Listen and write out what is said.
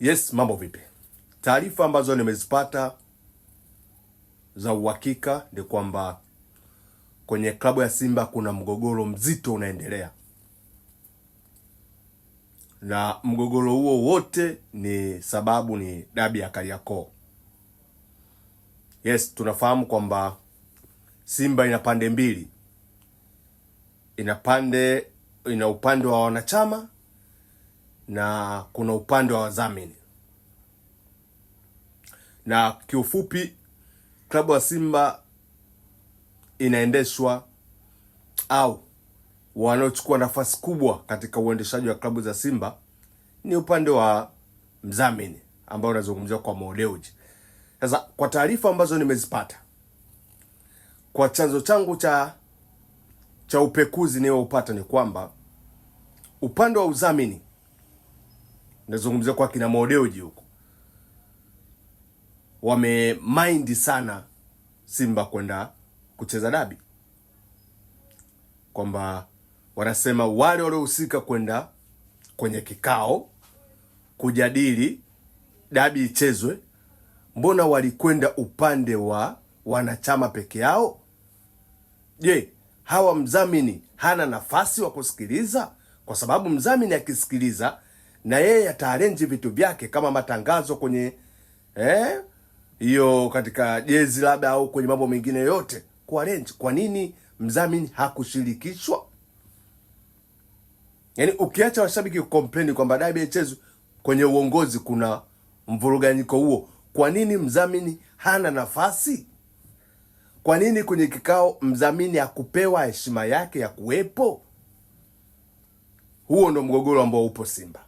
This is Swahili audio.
Yes, mambo vipi? Taarifa ambazo nimezipata za uhakika ni kwamba kwenye klabu ya Simba kuna mgogoro mzito unaendelea, na mgogoro huo wote ni sababu ni dabi ya Kariakoo. Yes, tunafahamu kwamba Simba ina pande mbili, ina pande ina upande wa wanachama na kuna upande wa wadhamini, na kiufupi klabu ya Simba inaendeshwa au wanaochukua nafasi kubwa katika uendeshaji wa klabu za Simba ni upande wa mdhamini ambao unazungumziwa kwa Modeuji. Sasa kwa taarifa ambazo nimezipata kwa chanzo changu cha cha upekuzi niliyopata ni kwamba upande wa udhamini nazungumzia kwa kina Modeoji huko, wame mind sana Simba kwenda kucheza dabi, kwamba wanasema wale waliohusika kwenda kwenye kikao kujadili dabi ichezwe, mbona walikwenda upande wa wanachama peke yao? Je, hawa mdhamini hana nafasi wa kusikiliza? Kwa sababu mdhamini akisikiliza na yeye ataarenji vitu vyake kama matangazo kwenye eh, hiyo katika jezi labda au kwenye mambo mengine yote kuarenji. Kwa nini mdhamini hakushirikishwa? Yaani ukiacha washabiki kukompleni kwamba dabi haichezwi, kwenye uongozi kuna mvuruganyiko huo, kwa nini mdhamini hana nafasi? Kwa nini kwenye kikao mdhamini hakupewa heshima yake ya kuwepo? Huo ndo mgogoro ambao upo Simba.